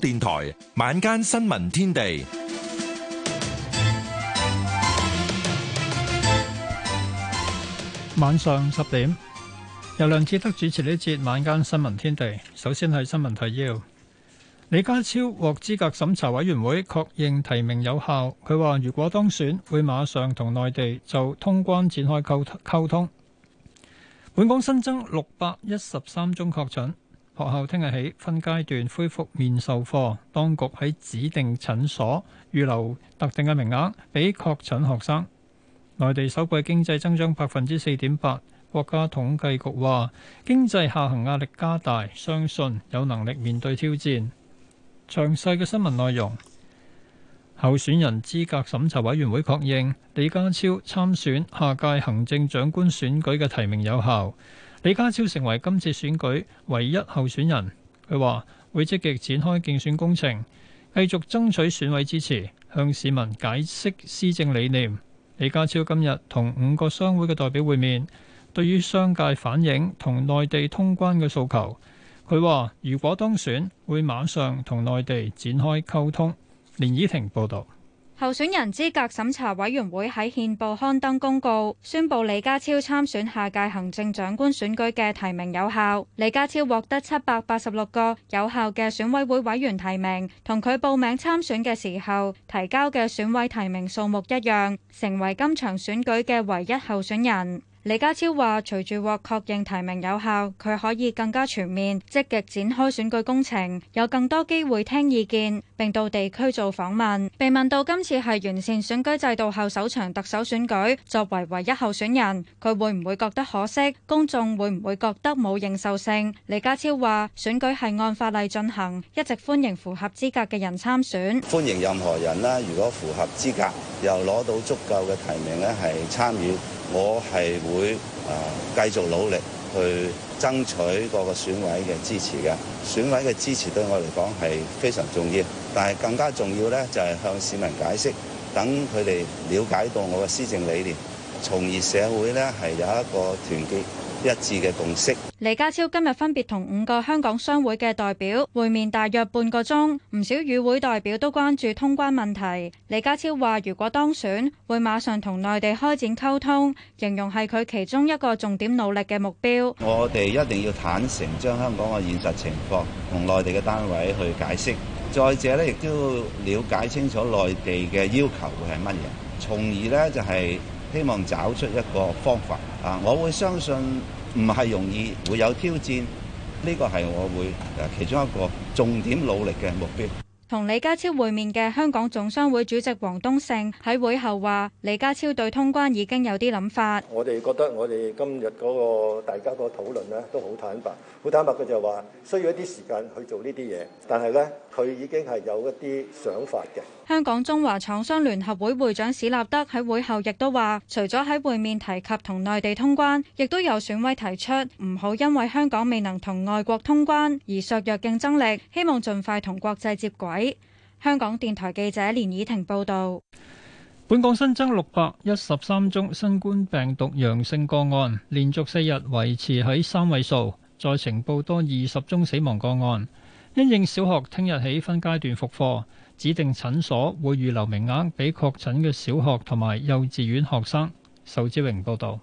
電台晚間新聞天地，晚上十點由梁志德主持呢節晚間新聞天地。首先係新聞提要：李家超獲資格審查委員會確認提名有效，佢話如果當選會馬上同內地就通關展開溝溝通。本港新增六百一十三宗確診。學校聽日起分階段恢復面授課，當局喺指定診所預留特定嘅名額，俾確診學生。內地首季經濟增長百分之四點八，國家統計局話經濟下行壓力加大，相信有能力面對挑戰。詳細嘅新聞內容，候選人資格審查委員會確認李家超參選下屆行政長官選舉嘅提名有效。李家超成為今次選舉唯一候選人，佢話會積極展開競選工程，繼續爭取選委支持，向市民解釋施政理念。李家超今日同五個商會嘅代表會面，對於商界反映同內地通關嘅訴求，佢話如果當選會馬上同內地展開溝通。連依婷報道。候選人資格審查委員會喺憲報刊登公告，宣佈李家超參選下屆行政長官選舉嘅提名有效。李家超獲得七百八十六個有效嘅選委會委員提名，同佢報名參選嘅時候提交嘅選委提名數目一樣，成為今場選舉嘅唯一候選人。李家超話，隨住獲確認提名有效，佢可以更加全面積極展開選舉工程，有更多機會聽意見。並到地區做訪問，被問到今次係完善選舉制度後首場特首選舉，作為唯一候選人，佢會唔會覺得可惜？公眾會唔會覺得冇認受性？李家超話選舉係按法例進行，一直歡迎符合資格嘅人參選，歡迎任何人啦，如果符合資格又攞到足夠嘅提名咧，係參與，我係會呃、繼續努力。去爭取個個選委嘅支持嘅，選委嘅支持對我嚟講係非常重要。但係更加重要咧，就係向市民解釋，等佢哋了解到我嘅施政理念，從而社會咧係有一個團結。一致嘅共識。李家超今日分別同五個香港商會嘅代表會面大約半個鐘，唔少與會代表都關注通關問題，李家超話，如果當選會馬上同內地開展溝通，形容係佢其中一個重點努力嘅目標。我哋一定要坦誠將香港嘅現實情況同內地嘅單位去解釋，再者咧，亦都要了解清楚內地嘅要求會係乜嘢，從而咧就係、是。希望找出一個方法啊！我會相信唔係容易，會有挑戰。呢個係我會誒其中一個重點努力嘅目標。同李家超會面嘅香港總商會主席王冬勝喺會後話，李家超對通關已經有啲諗法。我哋覺得我哋今日嗰個大家個討論咧都好坦白，好坦白嘅就係話需要一啲時間去做呢啲嘢，但係咧。佢已經係有一啲想法嘅。香港中華廠商聯合會會長史立德喺會後亦都話，除咗喺會面提及同內地通關，亦都有選委提出唔好因為香港未能同外國通關而削弱競爭力，希望盡快同國際接軌。香港電台記者連以婷報導。本港新增六百一十三宗新冠病毒陽性個案，連續四日維持喺三位數，再呈報多二十宗死亡個案。因應小學聽日起分階段復課，指定診所會預留名額俾確診嘅小學同埋幼稚園學生。仇志榮報道。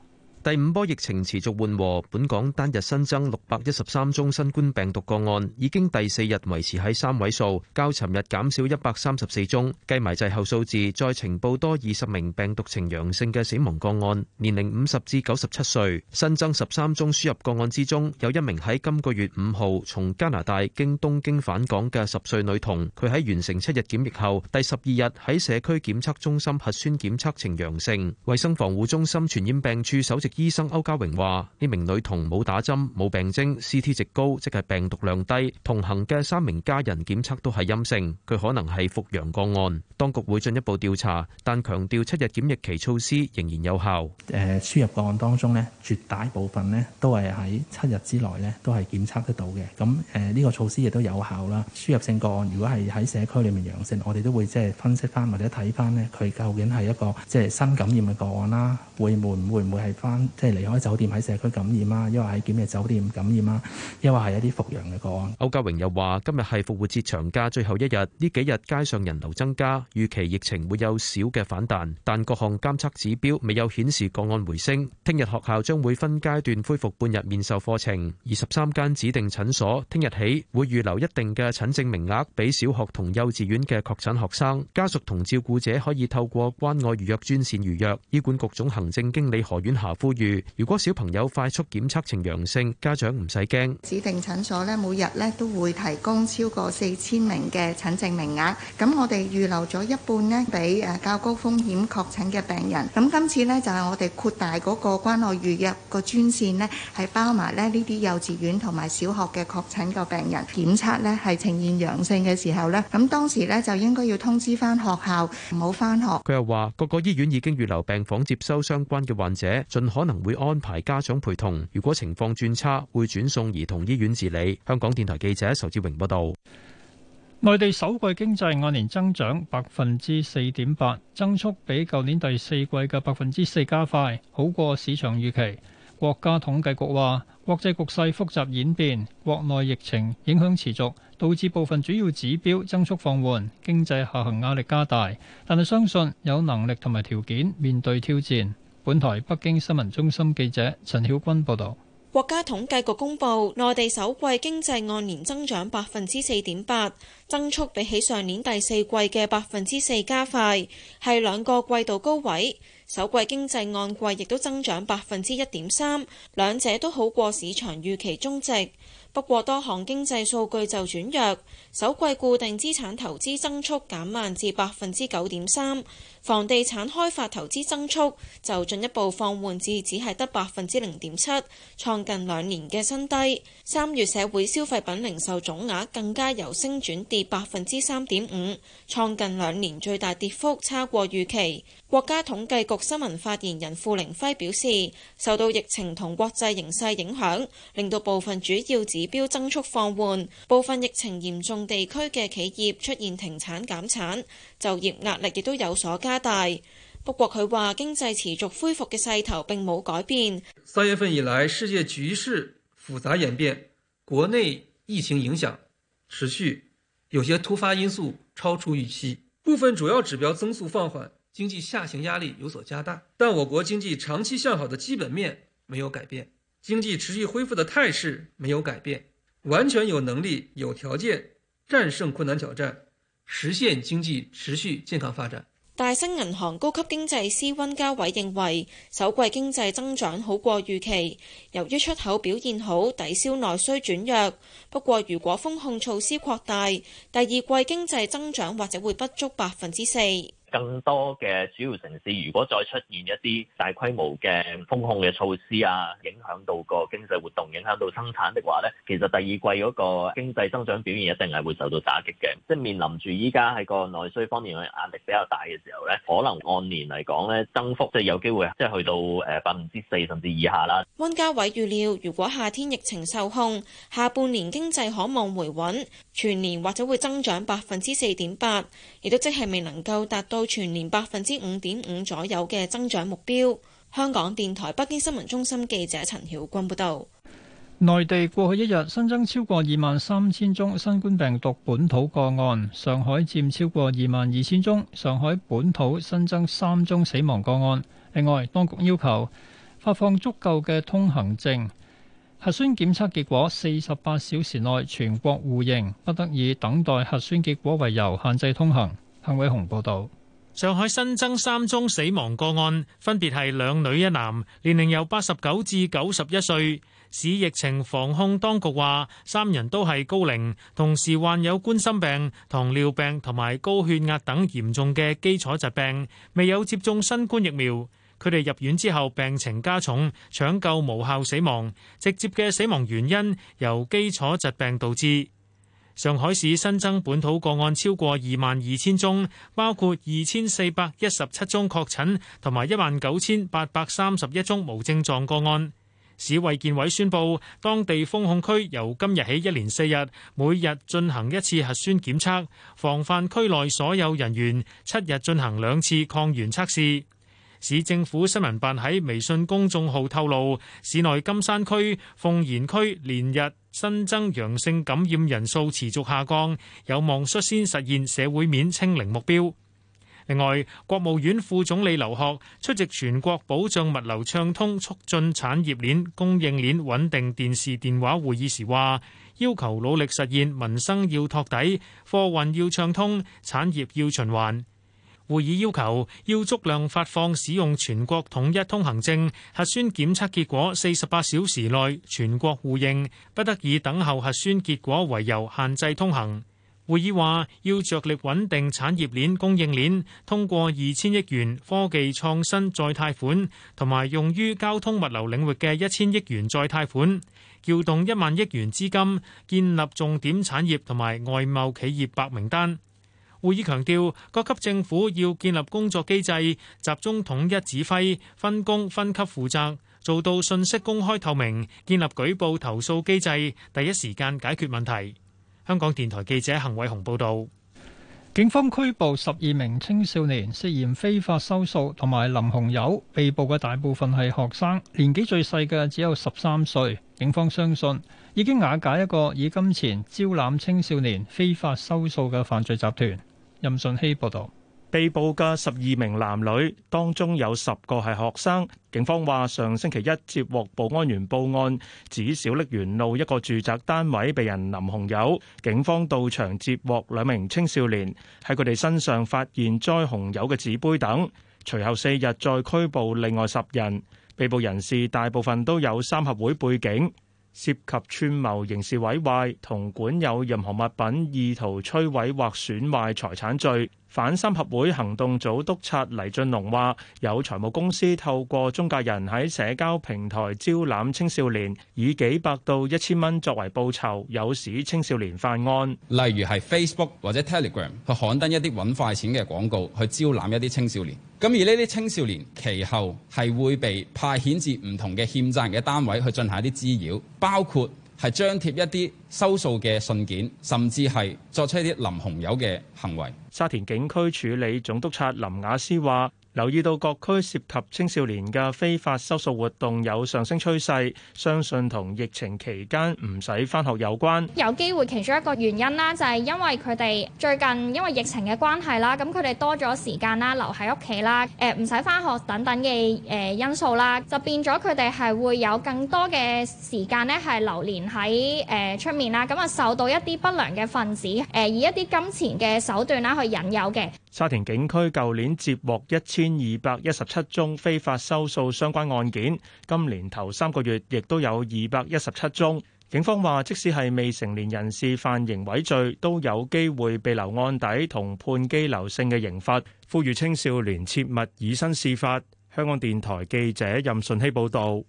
第五波疫情持續緩和，本港單日新增六百一十三宗新冠病毒個案，已經第四日維持喺三位數，較尋日減少一百三十四宗。計埋滯後數字，再呈報多二十名病毒呈陽性嘅死亡個案，年齡五十至九十七歲。新增十三宗輸入個案之中，有一名喺今個月五號從加拿大經東京返港嘅十歲女童，佢喺完成七日檢疫後，第十二日喺社區檢測中心核酸檢測呈陽性。衛生防護中心傳染病處首席醫生歐家榮話：呢名女童冇打針、冇病徵、CT 值高，即係病毒量低。同行嘅三名家人檢測都係陰性，佢可能係復陽個案。當局會進一步調查，但強調七日檢疫期措施仍然有效。誒，輸入個案當中咧，絕大部分咧都係喺七日之內咧都係檢測得到嘅。咁誒，呢個措施亦都有效啦。輸入性個案如果係喺社區裏面陽性，我哋都會即係分析翻或者睇翻咧，佢究竟係一個即係新感染嘅個案啦，會會唔會唔會係翻？即係離開酒店喺社區感染啊，因為喺檢疫酒店感染啊，因為係一啲復陽嘅個案。歐家榮又話：今日係復活節長假最後一日，呢幾日街上人流增加，預期疫情會有少嘅反彈，但各項監測指標未有顯示個案回升。聽日學校將會分階段恢復半日面授課程。二十三間指定診所聽日起會預留一定嘅診證名額，俾小學同幼稚園嘅確診學生、家屬同照顧者可以透過關愛預約專線預約。醫管局總行政經理何婉霞呼。呼籲：如果小朋友快速檢測呈陽性，家長唔使驚。指定診所咧，每日咧都會提供超過四千名嘅診症名額。咁我哋預留咗一半咧，俾誒較高風險確診嘅病人。咁今次呢，就係我哋擴大嗰個關愛預約個專線呢，係包埋咧呢啲幼稚園同埋小學嘅確診嘅病人，檢測呢係呈現陽性嘅時候呢，咁當時呢，就應該要通知返學校，唔好返學。佢又話：各個醫院已經預留病房接收相關嘅患者，進。可能會安排家長陪同，如果情況轉差，會轉送兒童醫院治理。香港電台記者仇志榮報道。內地首季經濟按年增長百分之四點八，增速比舊年第四季嘅百分之四加快，好過市場預期。國家統計局話，國際局勢複雜演變，國內疫情影響持續，導致部分主要指標增速放緩，經濟下行壓力加大。但係相信有能力同埋條件面對挑戰。本台北京新聞中心記者陳曉君報道，國家統計局公布，內地首季經濟按年增長百分之四點八，增速比起上年第四季嘅百分之四加快，係兩個季度高位。首季經濟按季亦都增長百分之一點三，兩者都好過市場預期中值。不過，多項經濟數據就轉弱，首季固定資產投資增速減慢至百分之九點三，房地產開發投資增速就進一步放緩至只係得百分之零點七，創近兩年嘅新低。三月社會消費品零售總額更加由升轉跌百分之三點五，創近兩年最大跌幅，超過預期。國家統計局新聞發言人付凌暉表示，受到疫情同國際形勢影響，令到部分主要指標增速放緩，部分疫情嚴重地區嘅企業出現停產減產，就業壓力亦都有所加大。不過佢話，經濟持續恢復嘅勢頭並冇改變。三月份以來，世界局勢複雜演變，國內疫情影響持續，有些突發因素超出預期，部分主要指標增速放緩。經濟下行壓力有所加大，但我國經濟長期向好的基本面沒有改變，經濟持續恢復的態勢沒有改變，完全有能力、有條件戰勝困難挑戰，實現經濟持續健康發展。大新銀行高級經濟師温家偉認為，首季經濟增長好過預期，由於出口表現好，抵消內需轉弱。不過，如果封控措施擴大，第二季經濟增長或者會不足百分之四。更多嘅主要城市，如果再出現一啲大規模嘅封控嘅措施啊，影響到個經濟活動，影響到生產的話咧，其實第二季嗰個經濟增長表現一定係會受到打擊嘅。即係面臨住依家喺個內需方面嘅壓力比較大嘅時候咧，可能按年嚟講咧，增幅，即係有機會即係去到誒百分之四甚至以下啦。溫家偉預料，如果夏天疫情受控，下半年經濟可望回穩，全年或者會增長百分之四點八，亦都即係未能夠達到。到全年百分之五點五左右嘅增長目標。香港電台北京新聞中心記者陳曉君報道。內地過去一日新增超過二萬三千宗新冠病毒本土個案，上海佔超過二萬二千宗。上海本土新增三宗死亡個案。另外，當局要求發放足夠嘅通行證，核酸檢測結果四十八小時內全國互認，不得以等待核酸結果為由限制通行。彭偉雄報道。上海新增三宗死亡個案，分別係兩女一男，年齡由八十九至九十一歲。市疫情防控當局話，三人都係高齡，同時患有冠心病、糖尿病同埋高血壓等嚴重嘅基礎疾病，未有接種新冠疫苗。佢哋入院之後病情加重，搶救無效死亡，直接嘅死亡原因由基礎疾病導致。上海市新增本土個案超過二萬二千宗，包括二千四百一十七宗確診同埋一萬九千八百三十一宗無症狀個案。市衛健委宣布，當地封控區由今日起一連四日，每日進行一次核酸檢測，防範區內所有人員七日進行兩次抗原測試。市政府新聞辦喺微信公眾號透露，市內金山區、奉賢區連日新增陽性感染人數持續下降，有望率先實現社會面清零目標。另外，國務院副總理劉鶴出席全國保障物流暢通、促進產業鏈供應鏈穩定電視電話會議時話，要求努力實現民生要托底、貨運要暢通、產業要循環。會議要求要足量發放使用全國統一通行證、核酸檢測結果四十八小時內全國互認，不得以等候核酸結果為由限制通行。會議話要着力穩定產業鏈、供應鏈，通過二千億元科技創新再貸款同埋用於交通物流領域嘅一千億元再貸款，撬動一萬億元資金建立重點產業同埋外貿企業白名單。會議強調，各級政府要建立工作機制，集中統一指揮，分工分級負責，做到信息公開透明，建立舉報投訴機制，第一時間解決問題。香港電台記者恒偉雄報道，警方拘捕十二名青少年涉嫌非法收數，同埋淋紅油被捕嘅大部分係學生，年紀最細嘅只有十三歲。警方相信已經瓦解一個以金錢招攬青少年非法收數嘅犯罪集團。任信希報道，被捕嘅十二名男女當中有十個係學生。警方話，上星期一接獲保安員報案，指小瀝源路一個住宅單位被人淋紅油。警方到場接獲兩名青少年喺佢哋身上發現載紅油嘅紙杯等，隨後四日再拘捕另外十人。被捕人士大部分都有三合會背景。涉及串謀刑事毀壞同管有任何物品意圖摧毀或損壞財產罪。反三合會行動組督察黎俊龍話：有財務公司透過中介人喺社交平台招攬青少年，以幾百到一千蚊作為報酬，有使青少年犯案。例如係 Facebook 或者 Telegram 去刊登一啲揾快錢嘅廣告，去招攬一啲青少年。咁而呢啲青少年其後係會被派遣至唔同嘅欠債人嘅單位去進行一啲滋擾，包括係張貼一啲收數嘅信件，甚至係作出一啲淋紅油嘅行為。沙田警區處理總督察林雅詩話。留意到各區涉及青少年嘅非法收數活動有上升趨勢，相信同疫情期間唔使返學有關。有機會其中一個原因啦，就係因為佢哋最近因為疫情嘅關係啦，咁佢哋多咗時間啦，留喺屋企啦，誒唔使返學等等嘅誒因素啦，就變咗佢哋係會有更多嘅時間咧，係流連喺誒出面啦，咁啊受到一啲不良嘅分子誒以一啲金錢嘅手段啦去引誘嘅。沙田警區舊年接獲一千二百一十七宗非法收數相關案件，今年頭三個月亦都有二百一十七宗。警方話，即使係未成年人士犯刑毀罪，都有機會被留案底同判羈留性嘅刑罰。呼籲青少年切勿以身試法。香港電台記者任順希報導。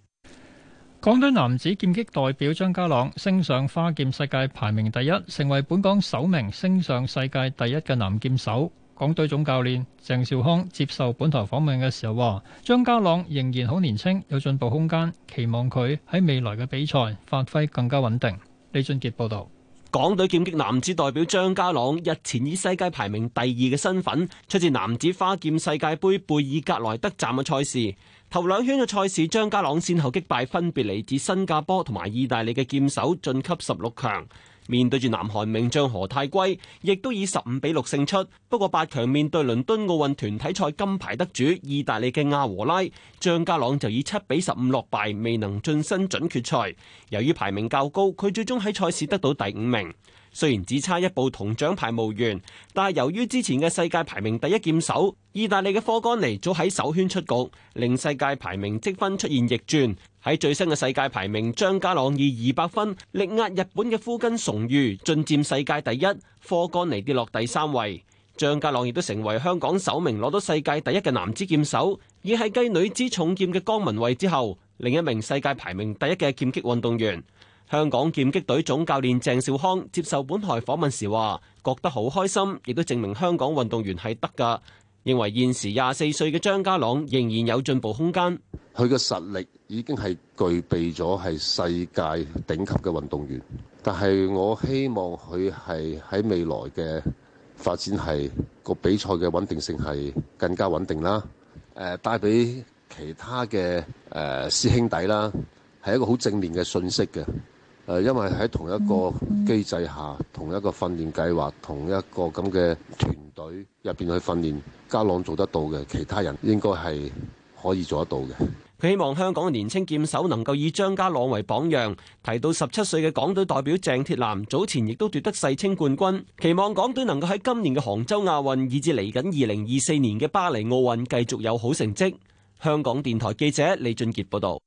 港隊男子劍擊代表張家朗升上花劍世界排名第一，成為本港首名升上世界第一嘅男劍手。港隊總教練鄭兆康接受本台訪問嘅時候話，張家朗仍然好年輕，有進步空間，期望佢喺未來嘅比賽發揮更加穩定。李俊杰報道。港隊劍擊男子代表張家朗日前以世界排名第二嘅身份，出戰男子花劍世界杯貝爾格萊德站嘅賽事。頭兩圈嘅賽事，張家朗先後擊敗分別嚟自新加坡同埋意大利嘅劍手，晉級十六強。面對住南韓名將何泰圭，亦都以十五比六勝出。不過八強面對倫敦奧運團體賽金牌得主意大利嘅亞和拉，張家朗就以七比十五落敗，未能晉身準決賽。由於排名較高，佢最終喺賽事得到第五名。雖然只差一步同獎牌無緣，但係由於之前嘅世界排名第一劍手意大利嘅科干尼早喺首圈出局，令世界排名積分出現逆轉。喺最新嘅世界排名，張家朗以二百分力壓日本嘅夫根崇裕，進佔世界第一。科干尼跌落第三位。張家朗亦都成為香港首名攞到世界第一嘅男子劍手，而係繼女子重劍嘅江文蔚之後，另一名世界排名第一嘅劍擊運動員。香港劍擊隊總教練鄭少康接受本台訪問時話，覺得好開心，亦都證明香港運動員係得㗎。認為現時廿四歲嘅張家朗仍然有進步空間。佢嘅實力已經係具備咗係世界頂級嘅運動員，但係我希望佢係喺未來嘅發展係個比賽嘅穩定性係更加穩定啦。誒，帶俾其他嘅誒師兄弟啦，係一個好正面嘅信息嘅。誒，因為喺同一個機制下，同一個訓練計劃，同一個咁嘅團隊入邊去訓練，家朗做得到嘅，其他人應該係可以做得到嘅。佢希望香港嘅年青劍手能夠以張家朗為榜樣，提到十七歲嘅港隊代表鄭鐵男早前亦都奪得世青冠軍，期望港隊能夠喺今年嘅杭州亞運以至嚟緊二零二四年嘅巴黎奧運繼續有好成績。香港電台記者李俊傑報道。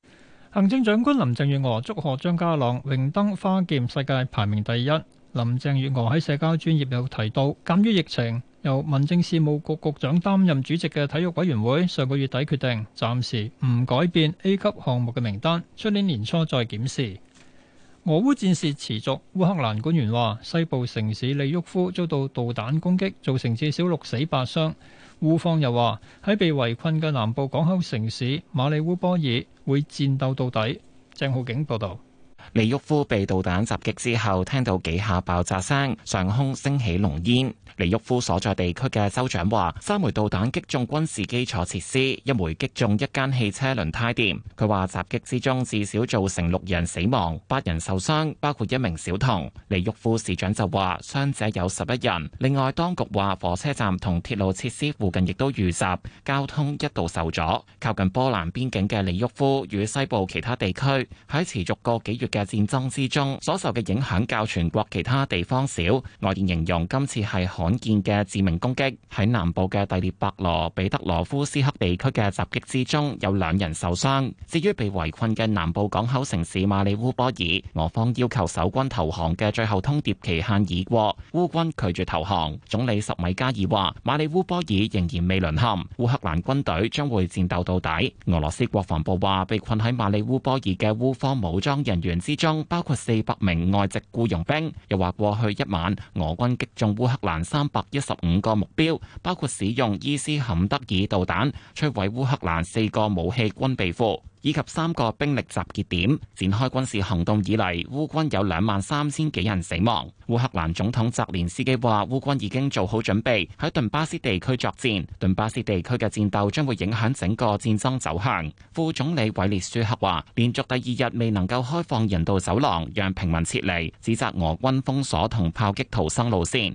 行政長官林鄭月娥祝賀張家朗榮登花劍世界排名第一。林鄭月娥喺社交專頁有提到，鑑於疫情，由民政事務局局長擔任主席嘅體育委員會上個月底決定暫時唔改變 A 級項目嘅名單，出年年初再檢視。俄烏戰事持續，烏克蘭官員話西部城市利沃夫遭到導彈攻擊，造成至少六死八傷。烏方又話喺被圍困嘅南部港口城市馬里烏波爾。會戰鬥到底。鄭浩景報道。李沃夫被導彈襲擊之後，聽到幾下爆炸聲，上空升起濃煙。李沃夫所在地區嘅州長話：三枚導彈擊中軍事基礎設施，一枚擊中一間汽車輪胎店。佢話襲擊之中至少造成六人死亡、八人受傷，包括一名小童。李沃夫市長就話傷者有十一人。另外，當局話火車站同鐵路設施附近亦都遇襲，交通一度受阻。靠近波蘭邊境嘅李沃夫與西部其他地區喺持續過幾月嘅戰爭之中，所受嘅影響較全國其他地方少。外電形容今次係罕見嘅致命攻擊。喺南部嘅第列伯羅彼得羅夫斯克地區嘅襲擊之中，有兩人受傷。至於被圍困嘅南部港口城市馬里烏波爾，俄方要求守軍投降嘅最後通牒期限已過，烏軍拒絕投降。總理什米加爾話：馬里烏波爾仍然未淪陷，烏克蘭軍隊將會戰鬥到底。俄羅斯國防部話：被困喺馬里烏波爾嘅烏方武裝人員之中包括四百名外籍僱傭兵，又話過去一晚俄軍擊中烏克蘭三百一十五個目標，包括使用伊斯坎德爾導彈摧毀烏克蘭四個武器軍備庫。以及三個兵力集結點展開軍事行動以嚟，烏軍有兩萬三千幾人死亡。烏克蘭總統澤連斯基話，烏軍已經做好準備喺頓巴斯地區作戰。頓巴斯地區嘅戰鬥將會影響整個戰爭走向。副總理韋列舒克話，連續第二日未能夠開放人道走廊，讓平民撤離，指責俄軍封鎖同炮擊逃生路線。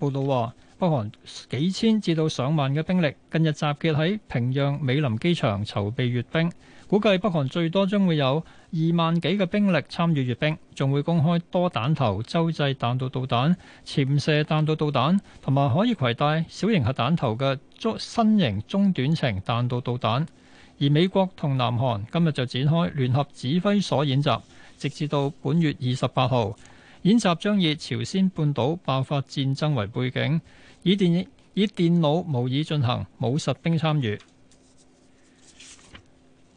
報道話，北韓幾千至到上萬嘅兵力近日集結喺平壤美林機場籌備閱兵，估計北韓最多將會有二萬幾嘅兵力參與閱兵，仲會公開多彈頭洲際彈道導彈、潛射彈道導彈同埋可以攜帶小型核彈頭嘅新型中短程彈道導彈。而美國同南韓今日就展開聯合指揮所演習，直至到本月二十八號。演習將以朝鮮半島爆發戰爭為背景，以電以電腦模擬進行，冇實兵參與。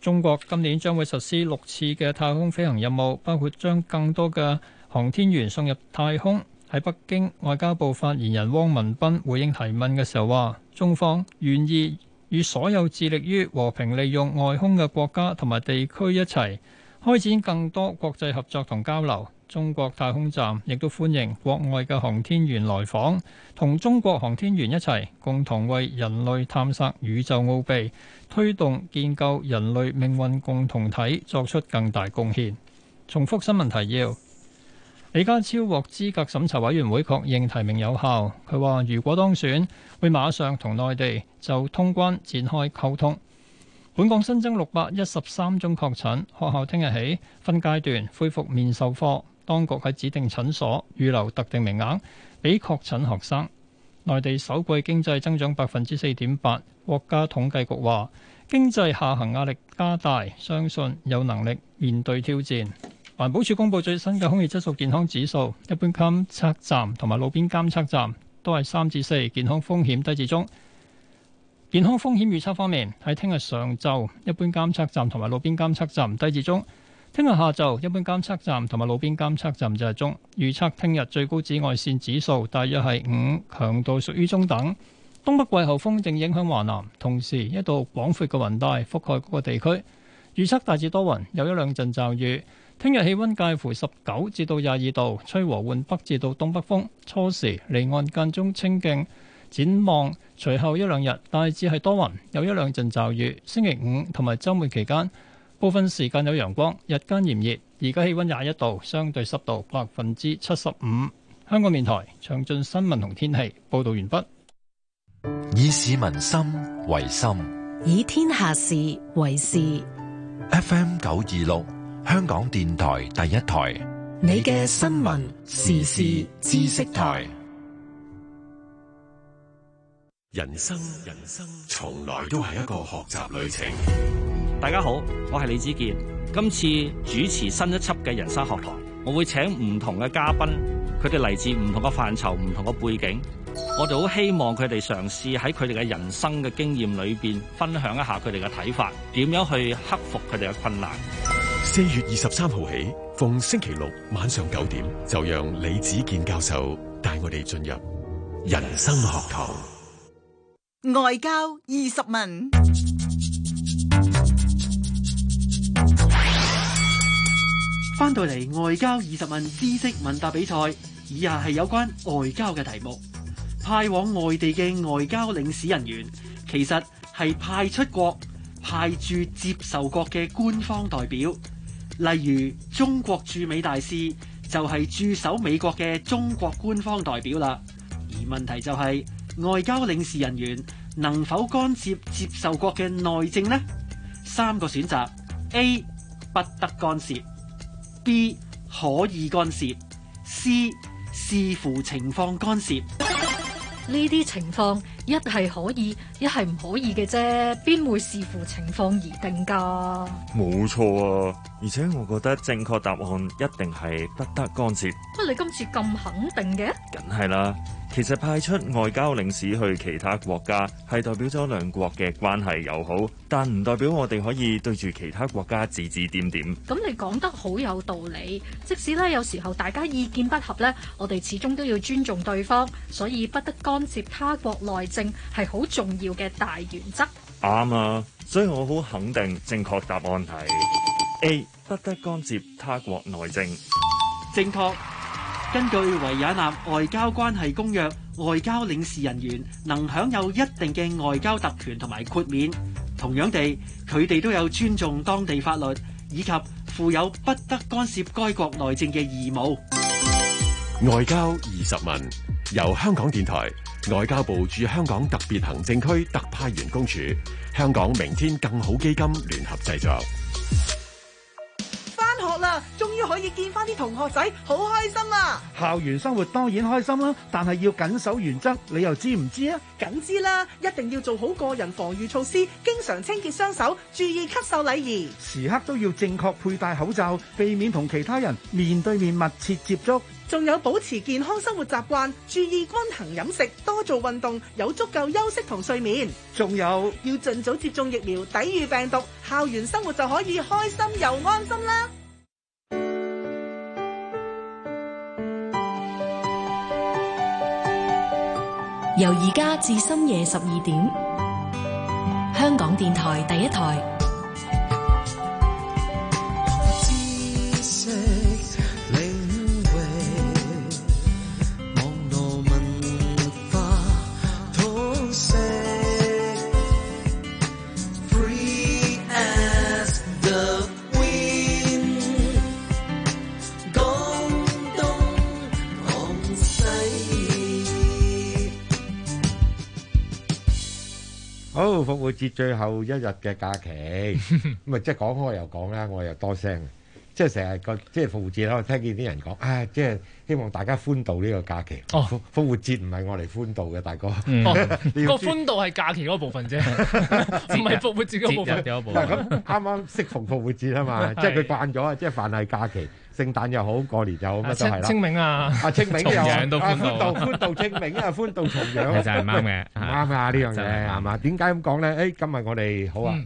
中國今年將會實施六次嘅太空飛行任務，包括將更多嘅航天員送入太空。喺北京外交部發言人汪文斌回應提問嘅時候話，中方願意與所有致力於和平利用外空嘅國家同埋地區一齊。開展更多國際合作同交流，中國太空站亦都歡迎國外嘅航天員來訪，同中國航天員一齊共同為人類探索宇宙奧秘、推動建構人類命運共同體作出更大貢獻。重複新聞提要：李家超獲資格審查委員會確認提名有效，佢話如果當選，會馬上同內地就通關展開溝通。本港新增六百一十三宗確診，學校聽日起分階段恢復面授課，當局喺指定診所預留特定名額，俾確診學生。內地首季經濟增長百分之四點八，國家統計局話經濟下行壓力加大，相信有能力面對挑戰。環保署公布最新嘅空氣質素健康指數，一般監測站同埋路邊監測站都係三至四，4，健康風險低至中。健康風險預測方面，喺聽日上晝，一般監測站同埋路邊監測站低至中；聽日下晝，一般監測站同埋路邊監測站就係中。預測聽日最高紫外線指數大約係五，強度屬於中等。東北季候風正影響華南，同時一道廣闊嘅雲帶覆蓋嗰個地區，預測大致多雲，有一兩陣驟雨。聽日氣溫介乎十九至到廿二度，吹和緩北至到東北風，初時離岸間中清勁。展望隨後一兩日大致係多雲，有一兩陣驟雨。星期五同埋周末期間，部分時間有陽光，日間炎熱。而家氣溫廿一度，相對濕度百分之七十五。香港電台詳盡新聞同天氣報道完畢。以市民心為心，以天下事為事。FM 九二六，香港電台第一台，你嘅新聞時事知識台。人生人，人生從來都係一個學習旅程。大家好，我係李子健。今次主持新一輯嘅人生學堂，我會請唔同嘅嘉賓，佢哋嚟自唔同嘅範疇、唔同嘅背景。我哋好希望佢哋嘗試喺佢哋嘅人生嘅經驗裏邊，分享一下佢哋嘅睇法，點樣去克服佢哋嘅困難。四月二十三號起，逢星期六晚上九點，就讓李子健教授帶我哋進入人生學堂。Yes. 外交二十問，翻到嚟外交二十問知識問答比賽，以下係有關外交嘅題目。派往外地嘅外交領事人員，其實係派出國派駐接受國嘅官方代表。例如，中國駐美大使就係駐守美國嘅中國官方代表啦。而問題就係。外交領事人員能否干涉接受國嘅內政呢？三個選擇：A 不得干涉，B 可以干涉，C 視乎情況干涉。呢啲情況一係可以，一係唔可以嘅啫，邊會視乎情況而定㗎？冇錯啊！而且我覺得正確答案一定係不得干涉。乜你今次咁肯定嘅？梗係啦。其實派出外交領事去其他國家，係代表咗兩國嘅關係友好，但唔代表我哋可以對住其他國家指指點點。咁你講得好有道理，即使咧有時候大家意見不合咧，我哋始終都要尊重對方，所以不得干涉他國內政係好重要嘅大原則。啱啊！所以我好肯定正確答案係 A，不得干涉他國內政。正確。根據維也納外交關係公約，外交領事人員能享有一定嘅外交特權同埋豁免。同樣地，佢哋都有尊重當地法律以及負有不得干涉該國內政嘅義務。外交二十問，由香港電台、外交部駐香港特別行政區特派員公署、香港明天更好基金聯合製作。終於可以見翻啲同學仔，好開心啊！校園生活當然開心啦，但係要謹守原則，你又知唔知啊？梗知啦，一定要做好個人防禦措施，經常清潔雙手，注意咳嗽禮儀，時刻都要正確佩戴口罩，避免同其他人面對面密切接觸。仲有保持健康生活習慣，注意均衡飲食，多做運動，有足夠休息同睡眠。仲有要盡早接種疫苗，抵禦病毒，校園生活就可以開心又安心啦！由而家至深夜十二點，香港電台第一台。復活節最後一日嘅假期，咁咪 即係講開又講啦，我又多聲，即係成日個即係復活節啦，我聽見啲人講，唉，即係希望大家歡度呢個假期。哦，復活節唔係我嚟歡度嘅，大哥。哦、嗯， 個歡度係假期嗰部分啫，唔係復活節嗰部分。有一 部分。啱啱適逢復活節啊嘛，即係佢慣咗啊，即係凡係假期。聖誕又好，過年又好，啊、清明啊，啊清明又啊，歡度歡度 清明啊，歡度重陽。其實係啱嘅，啱噶呢樣嘢。對啊，點解咁講呢？誒，今日我哋好啊。嗯